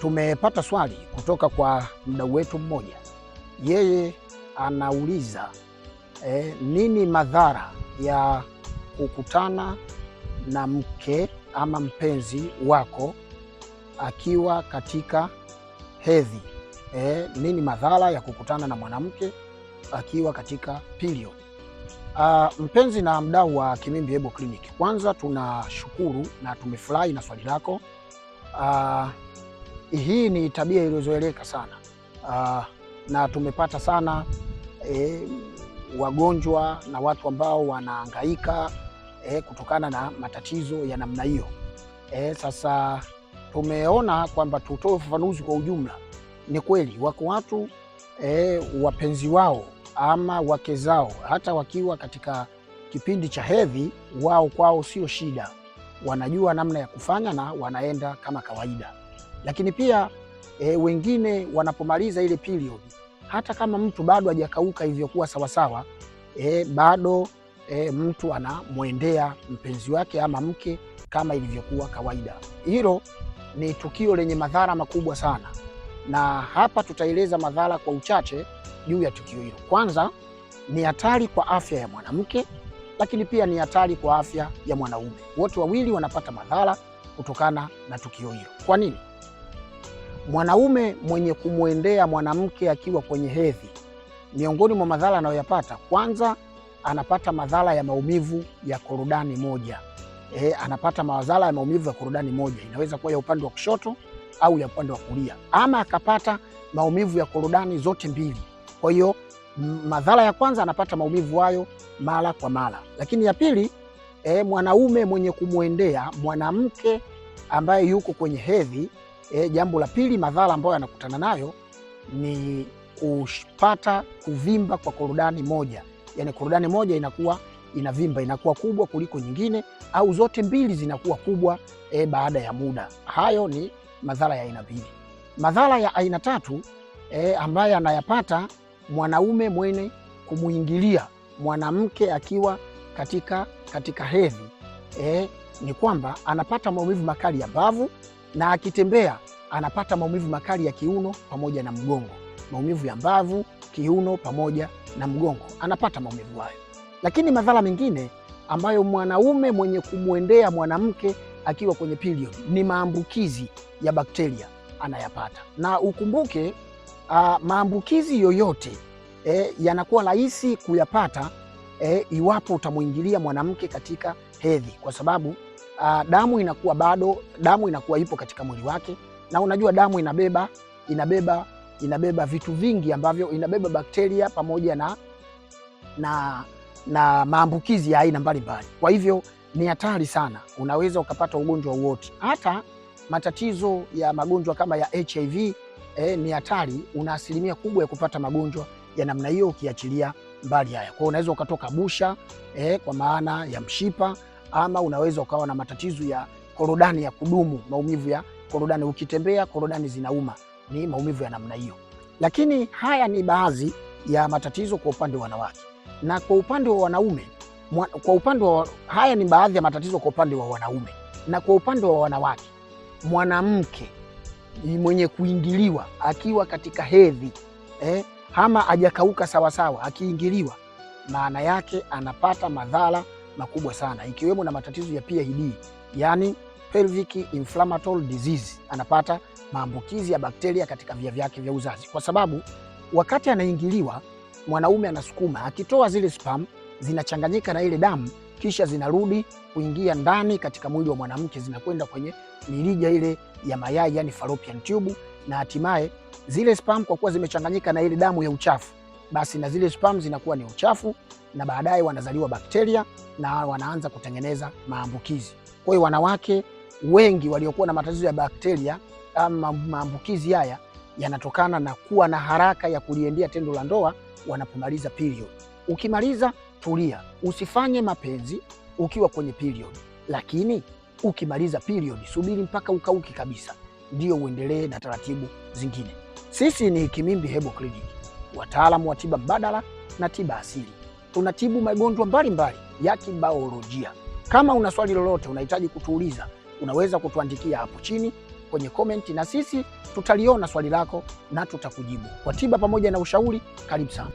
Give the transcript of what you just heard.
Tumepata swali kutoka kwa mdau wetu mmoja, yeye anauliza eh, nini madhara ya kukutana na mke ama mpenzi wako akiwa katika hedhi? Eh, nini madhara ya kukutana na mwanamke akiwa katika period? Uh, mpenzi na mdau wa Kimimbi Herbal Clinic, kwanza tunashukuru na tumefurahi na swali lako uh, hii ni tabia iliyozoeleka sana uh, na tumepata sana eh, wagonjwa na watu ambao wanaangaika eh, kutokana na matatizo ya namna hiyo eh, sasa tumeona kwamba tutoe ufafanuzi kwa ujumla. Ni kweli wako watu eh, wapenzi wao ama wake zao hata wakiwa katika kipindi cha hedhi, wao kwao sio shida, wanajua namna ya kufanya na wanaenda kama kawaida. Lakini pia e, wengine wanapomaliza ile period, hata kama mtu bado hajakauka ilivyokuwa sawasawa e, bado e, mtu anamwendea mpenzi wake ama mke kama ilivyokuwa kawaida. Hilo ni tukio lenye madhara makubwa sana, na hapa tutaeleza madhara kwa uchache juu ya tukio hilo. Kwanza ni hatari kwa afya ya mwanamke, lakini pia ni hatari kwa afya ya mwanaume. Wote wawili wanapata madhara kutokana na tukio hilo. Kwa nini? Mwanaume mwenye kumwendea mwanamke akiwa kwenye hedhi, miongoni mwa madhara anayoyapata, kwanza anapata madhara ya maumivu ya korodani moja. E, anapata madhara ya maumivu ya korodani moja, inaweza kuwa ya upande wa kushoto au ya upande wa kulia, ama akapata maumivu ya korodani zote mbili. Kwa hiyo madhara ya kwanza anapata maumivu hayo mara kwa mara, lakini ya pili e, mwanaume mwenye kumwendea mwanamke ambaye yuko kwenye hedhi E, jambo la pili, madhara ambayo yanakutana nayo ni kupata kuvimba kwa korodani moja, yaani korodani moja inakuwa inavimba inakuwa kubwa kuliko nyingine au zote mbili zinakuwa kubwa e, baada ya muda. Hayo ni madhara ya aina mbili Madhara ya aina tatu e, ambayo anayapata mwanaume mwenye kumwingilia mwanamke akiwa katika, katika hedhi e, ni kwamba anapata maumivu makali ya mbavu na akitembea anapata maumivu makali ya kiuno pamoja na mgongo, maumivu ya mbavu, kiuno pamoja na mgongo, anapata maumivu hayo. Lakini madhara mengine ambayo mwanaume mwenye kumwendea mwanamke akiwa kwenye period ni maambukizi ya bakteria anayapata, na ukumbuke uh, maambukizi yoyote eh, yanakuwa rahisi kuyapata eh, iwapo utamwingilia mwanamke katika hedhi, kwa sababu uh, damu inakuwa bado damu inakuwa ipo katika mwili wake, na unajua damu inabeba inabeba inabeba vitu vingi ambavyo inabeba bakteria pamoja na, na, na maambukizi ya aina mbalimbali. Kwa hivyo ni hatari sana, unaweza ukapata ugonjwa wowote, hata matatizo ya magonjwa kama ya HIV eh, ni hatari. Una asilimia kubwa ya kupata magonjwa ya namna hiyo ukiachilia mbali haya. Kwa hiyo unaweza ukatoka busha eh, kwa maana ya mshipa ama unaweza ukawa na matatizo ya korodani ya kudumu, maumivu ya korodani. Ukitembea korodani zinauma, ni maumivu ya namna hiyo. Lakini haya ni baadhi ya matatizo kwa upande wa wanawake, na kwa upande wa wanaume kwa upande wa, haya ni baadhi ya matatizo kwa upande wa wanaume, na kwa upande wa wanawake, mwanamke mwenye kuingiliwa akiwa katika hedhi eh, hama hajakauka sawasawa, akiingiliwa maana yake anapata madhara makubwa sana, ikiwemo na matatizo ya PID, yani pelvic inflammatory disease. Anapata maambukizi ya bakteria katika via vyake vya uzazi, kwa sababu wakati anaingiliwa mwanaume anasukuma, akitoa zile spam zinachanganyika na ile damu, kisha zinarudi kuingia ndani katika mwili wa mwanamke, zinakwenda kwenye mirija ile ya mayai, yani fallopian tube na hatimaye zile spam kwa kuwa zimechanganyika na ile damu ya uchafu, basi na zile spam zinakuwa ni uchafu, na baadaye wanazaliwa bakteria na wanaanza kutengeneza maambukizi. Kwa hiyo wanawake wengi waliokuwa na matatizo ya bakteria ama um, maambukizi haya yanatokana na kuwa na haraka ya kuliendea tendo la ndoa wanapomaliza period. Ukimaliza tulia, usifanye mapenzi ukiwa kwenye period, lakini ukimaliza period subiri mpaka ukauki kabisa ndio uendelee na taratibu zingine. Sisi ni Kimimbi Hebo Clinic, wataalamu wa tiba mbadala na tiba asili. Tunatibu magonjwa mbalimbali ya kibaolojia. Kama una swali lolote unahitaji kutuuliza, unaweza kutuandikia hapo chini kwenye komenti, na sisi tutaliona swali lako na tutakujibu kwa tiba pamoja na ushauri. Karibu sana.